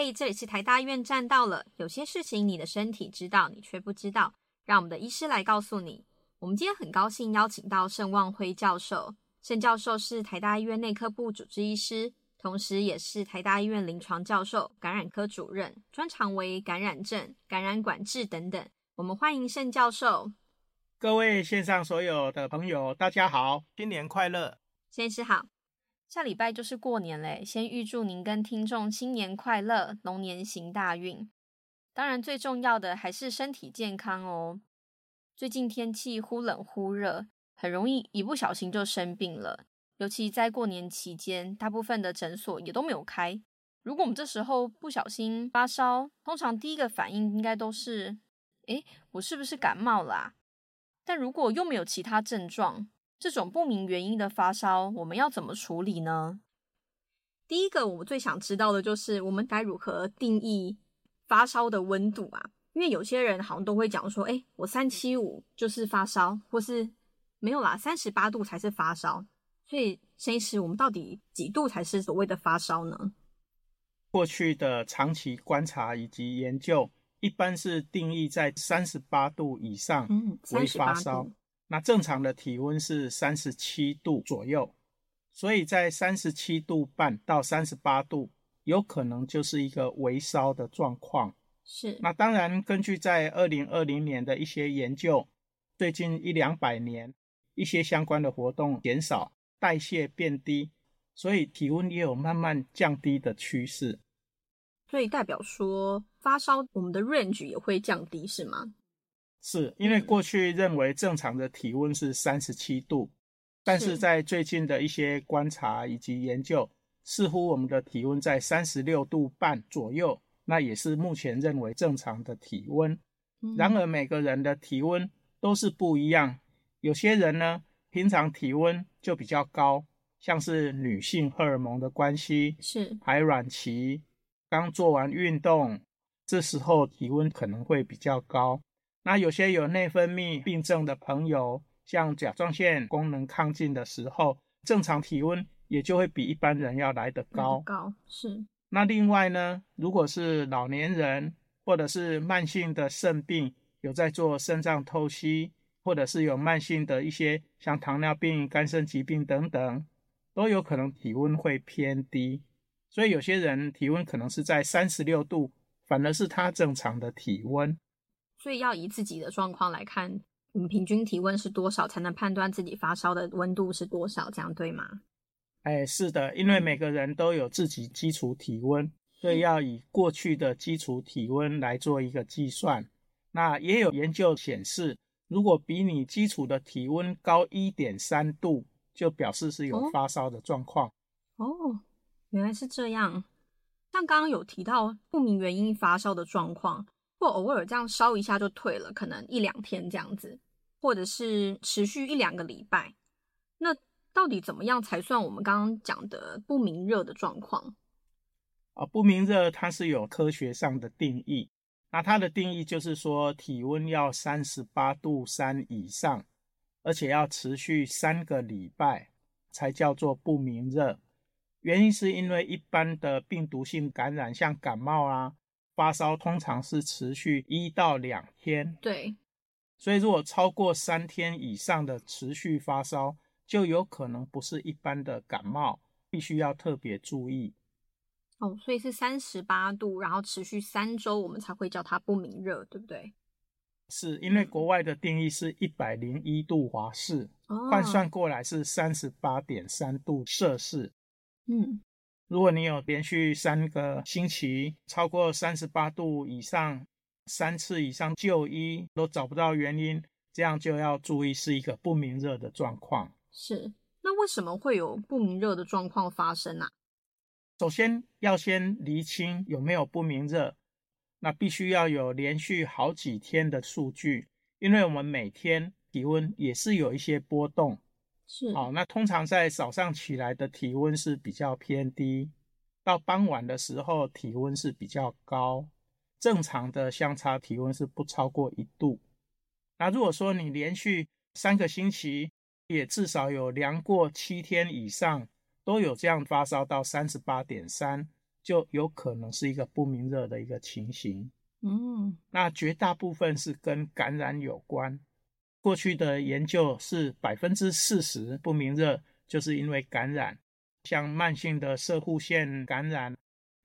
嘿、hey，這裡是台大醫院站到了。有些事情你的身體知道，你卻不知道，讓我們的醫師來告訴你。我們今天很高興邀請到盛望徽教授，盛教授是台大醫院內科部主治醫師，同時也是台大醫院臨床教授、感染科主任，專長為感染症、感染管制等等。我們歡迎盛教授。各位線上所有的朋友，大家好，新年快樂。先生好。下禮拜就是過年嘞，先預祝您跟聽眾新年快樂，龍年行大運。當然，最重要的還是身體健康哦。最近天氣忽冷忽熱，很容易一不小心就生病了。尤其在過年期間，大部分的診所也都沒有開。如果我們這時候不小心發燒，通常第一個反應應該都是：誒，我是不是感冒啦啊？但如果又沒有其他症狀，這種不明原因的發燒，我們要怎麼處理呢？第一個，我們最想知道的就是，我們該如何定義發燒的溫度啊？因為有些人好像都會講說，哎、欸，我三七五就是發燒，或是沒有啦，三十八度才是發燒。所以，盛醫師，我們到底幾度才是所謂的發燒呢？過去的長期觀察以及研究，一般是定義在三十八度以上為發燒。嗯那正常的體溫是三十七度左右，所以在三十七度半到三十八度，有可能就是一個微燒的狀況。是。那當然，根據在二零二零年的一些研究，最近一兩百年一些相關的活動減少，代謝變低，所以體溫也有慢慢降低的趨勢。所以代表說發燒，我們的 range 也會降低，是嗎？是，因為過去認為正常的體溫是三十七度，但是在最近的一些觀察以及研究，似乎我們的體溫在三十六度半左右，那也是目前認為正常的體溫。嗯。然而每個人的體溫都是不一樣，有些人呢平常體溫就比較高，像是女性荷爾蒙的關係，是排卵期剛做完運動，這時候體溫可能會比較高。那有些有內分泌病症的朋友，像甲狀腺功能亢進的時候，正常體溫也就會比一般人要來得高。嗯，高，是。那另外呢，如果是老年人，或者是慢性的腎病，有在做腎臟透析，或者是有慢性的一些像糖尿病、肝腎疾病等等，都有可能體溫會偏低。所以有些人體溫可能是在三十六度，反而是他正常的體溫。所以要以自己的狀況來看，你平均體溫是多少，才能判斷自己發燒的溫度是多少，這樣對嗎？哎、欸，是的，因為每個人都有自己基礎體溫、嗯，所以要以過去的基礎體溫來做一個計算。嗯、那也有研究顯示，如果比你基礎的體溫高一點三度，就表示是有發燒的狀況哦。哦，原來是這樣。像剛剛有提到不明原因發燒的狀況。或偶爾這樣燒一下就退了，可能一兩天這樣子，或者是持續一兩個禮拜。那到底怎麼樣才算我們剛剛講的不明熱的狀況？啊，不明熱它是有科學上的定義，那它的定義就是說體溫要三十八度三以上，而且要持續三個禮拜才叫做不明熱。原因是因為一般的病毒性感染，像感冒啊。發燒通常是持續一到兩天，對。所以如果超過三天以上的持續發燒，就有可能不是一般的感冒，必須要特別注意。哦，所以是三十八度，然後持續三週，我們才會叫它不明熱，對不對？是，因為國外的定義是一百零一度華氏，哦，換算過來是三十八點三度攝氏。嗯。如果你有連續三個星期超過三十八度以上，三次以上就醫都找不到原因，這樣就要注意是一個不明熱的狀況。是，那為什麼會有不明熱的狀況發生呢、啊？首先要先釐清有沒有不明熱，那必須要有連續好幾天的數據，因為我們每天體溫也是有一些波動。是，好，哦，那通常在早上起來的體溫是比較偏低，到傍晚的時候體溫是比較高，正常的相差體溫是不超過一度。那如果說你連續三個星期，也至少有量過七天以上，都有這樣發燒到三十八點三，就有可能是一個不明熱的一個情形。嗯，那絕大部分是跟感染有關。過去的研究是百分之四十不明熱，就是因為感染，像慢性的攝護腺感染、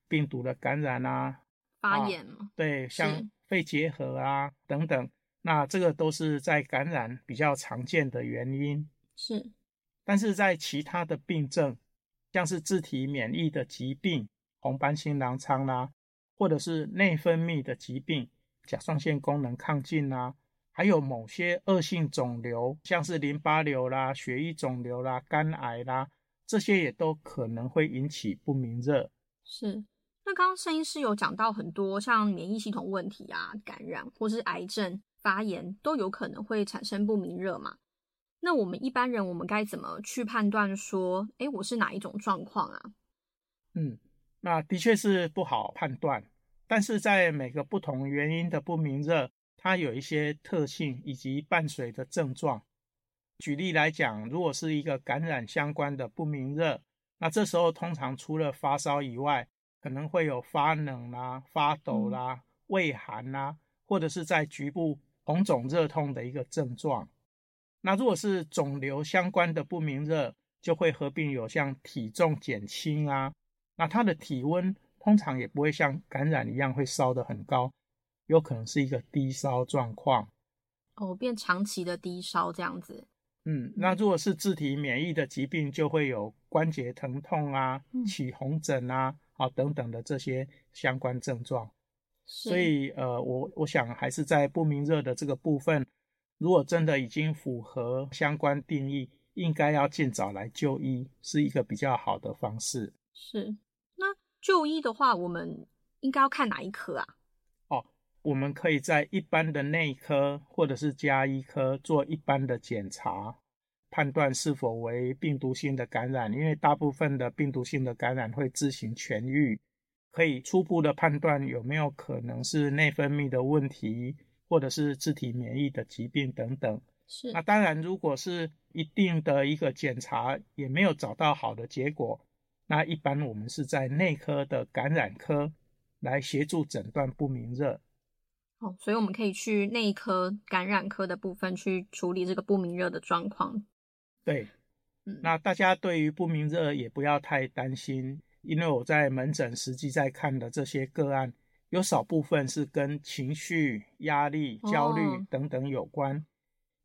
病毒的感染啊、發炎、啊、對，像肺結核啊等等，那這個都是在感染比較常見的原因。是，但是在其他的病症，像是自體免疫的疾病，紅斑性狼瘡啊，或者是內分泌的疾病，甲狀腺功能亢進啊。還有某些惡性腫瘤，像是淋巴瘤啦、血液腫瘤啦、肝癌啦，這些也都可能會引起不明熱。是，那剛剛盛醫師有講到很多像免疫系統問題啊、感染或是癌症發炎，都有可能會產生不明熱嘛。那我們一般人我們該怎麼去判斷說，哎、欸，我是哪一種狀況啊？嗯，那的確是不好判斷，但是在每個不同原因的不明熱，它有一些特性以及伴隨的症狀。舉例來講，如果是一個感染相關的不明熱，那這時候通常除了發燒以外，可能會有發冷啦、啊、發抖啦、啊、畏寒啦、啊，或者是在局部紅腫熱痛的一個症狀。那如果是腫瘤相關的不明熱，就會合併有像體重減輕啊，那它的體溫通常也不會像感染一樣會燒得很高。有可能是一個低燒狀況，哦，變長期的低燒這樣子。嗯，那如果是自體免疫的疾病，就會有關節疼痛啊、嗯、起紅疹啊、啊、哦、等等的這些相關症狀。是。所以，呃，我我想還是在不明熱的這個部分，如果真的已經符合相關定義，應該要儘早來就醫，是一個比較好的方式。是，那就醫的話，我們應該要看哪一科啊？我們可以在一般的內科或者是家醫科做一般的檢查，判斷是否為病毒性的感染，因為大部分的病毒性的感染會自行痊癒，可以初步的判斷有沒有可能是內分泌的問題，或者是自體免疫的疾病等等。是。那當然，如果是一定的一個檢查也沒有找到好的結果，那一般我們是在內科的感染科來協助診斷不明熱。哦，所以我們可以去內科、感染科的部分去處理這個不明熱的狀況。對，嗯，那大家對於不明熱也不要太擔心，因為我在門診實際在看的這些個案，有少部分是跟情緒、壓力、焦慮等等有關，哦，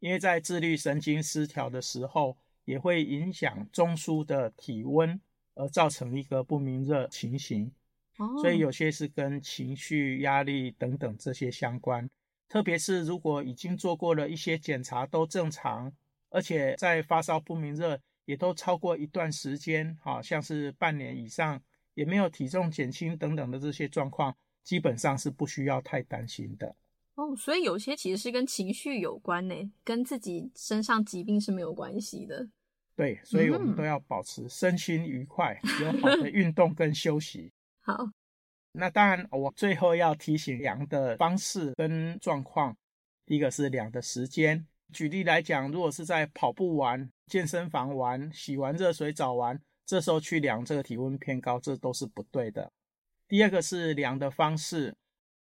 因為在自律神經失調的時候，也會影響中樞的體溫，而造成一個不明熱情形。所以有些是跟情緒、壓力等等這些相關，特別是如果已經做過了一些檢查都正常，而且在發燒不明熱也都超過一段時間，好像是半年以上，也沒有體重減輕等等的這些狀況，基本上是不需要太擔心的。哦，所以有些其實是跟情緒有關呢，跟自己身上疾病是沒有關係的。對，所以我們都要保持身心愉快，有好的運動跟休息。 好。那當然，我最後要提醒量的方式跟狀況。第一個是量的時間，舉例來講，如果是在跑步完、健身房完、洗完熱水澡完，這時候去量這個體溫偏高，這都是不對的。第二個是量的方式，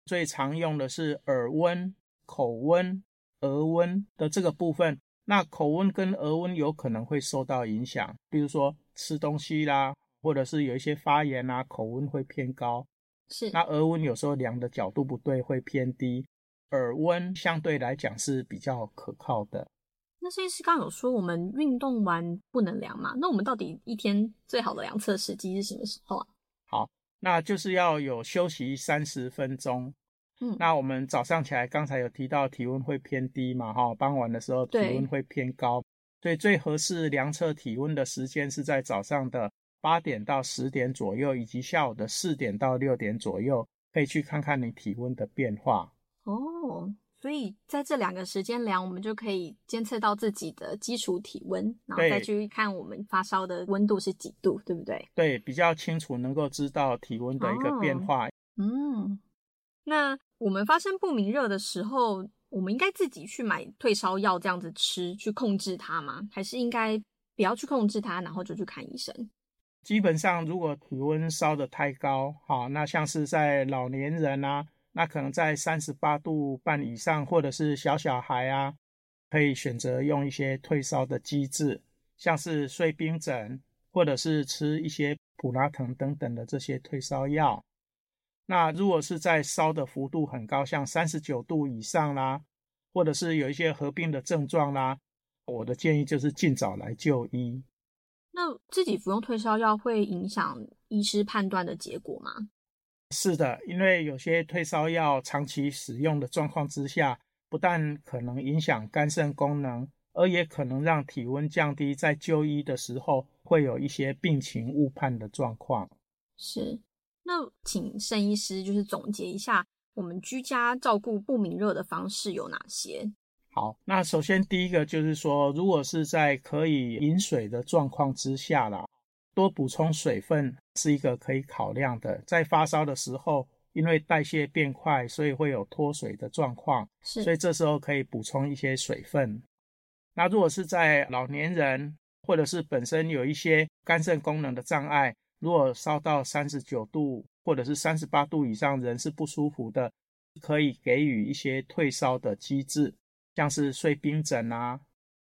最常用的是耳溫、口溫、額溫的這個部分。那口溫跟額溫有可能會受到影響，比如說吃東西啦，或者是有一些發炎啦、啊，口溫會偏高。是，那額溫有時候量的角度不對，會偏低，耳溫相對來講是比較可靠的。那醫師剛有說我們運動完不能量嘛？那我們到底一天最好的量測時機是什麼時候啊？好，那就是要有休息三十分鐘。嗯，那我們早上起來剛才有提到體溫會偏低嘛？哈，傍晚的時候體溫會偏高對，所以最合適量測體溫的時間是在早上的。八點到十點左右，以及下午的四點到六點左右，可以去看看你體溫的變化。哦，所以在這兩個時間量，我們就可以監測到自己的基礎體溫，然後再去看我們發燒的溫度是幾度對，對不對？對，比較清楚，能夠知道體溫的一個變化。哦。嗯，那我們發生不明熱的時候，我們應該自己去買退燒藥這樣子吃去控制它嗎？還是應該不要去控制它，然後就去看醫生？基本上，如果體溫燒得太高，好，那像是在老年人啊，那可能在三十八度半以上，或者是小小孩啊，可以選擇用一些退燒的機制，像是睡冰枕，或者是吃一些普拿疼等等的這些退燒藥。那如果是在燒的幅度很高，像三十九度以上啦，啊，或者是有一些合併的症狀啦，啊，我的建議就是盡早來就醫。那自己服用退燒藥會影響醫師判斷的結果嗎？是的，因為有些退燒藥長期使用的狀況之下，不但可能影響肝腎功能，而也可能讓體溫降低，在就醫的時候會有一些病情誤判的狀況。是，那請盛醫師就是總結一下，我們居家照顧不明熱的方式有哪些？好，那首先第一個就是說，如果是在可以飲水的狀況之下啦，多補充水分是一個可以考量的。在發燒的時候，因為代謝變快，所以會有脫水的狀況，所以這時候可以補充一些水分。那如果是在老年人或者是本身有一些肝腎功能的障礙，如果燒到三十九度或者是三十八度以上，人是不舒服的，可以給予一些退燒的機制。像是睡冰枕啊，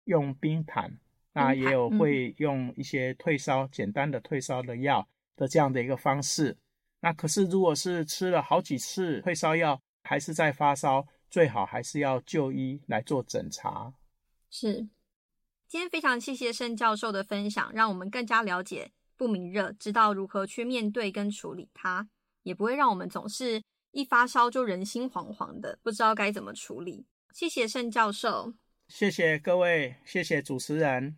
用冰毯、冰毯，那也有會用一些退燒、嗯、簡單的退燒的藥的這樣的一個方式。那可是，如果是吃了好幾次退燒藥還是在發燒，最好還是要就醫來做診查。是，今天非常謝謝盛教授的分享，讓我們更加了解不明熱，知道如何去面對跟處理它，也不會讓我們總是一發燒就人心惶惶的，不知道該怎麼處理。謝謝盛教授，謝謝各位，謝謝主持人，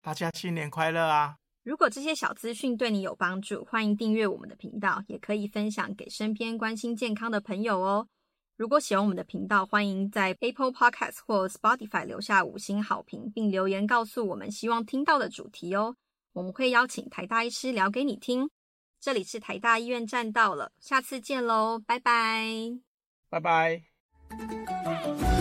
大家新年快樂啊！如果這些小資訊對你有幫助，歡迎訂閱我們的頻道，也可以分享給身邊關心健康的朋友哦。如果喜歡我們的頻道，歡迎在 Apple Podcast 或 Spotify 留下五星好評，並留言告訴我們希望聽到的主題哦。我們會邀請台大醫師聊給你聽。這裡是台大醫院站到了，下次見嘍，拜拜，拜拜。啊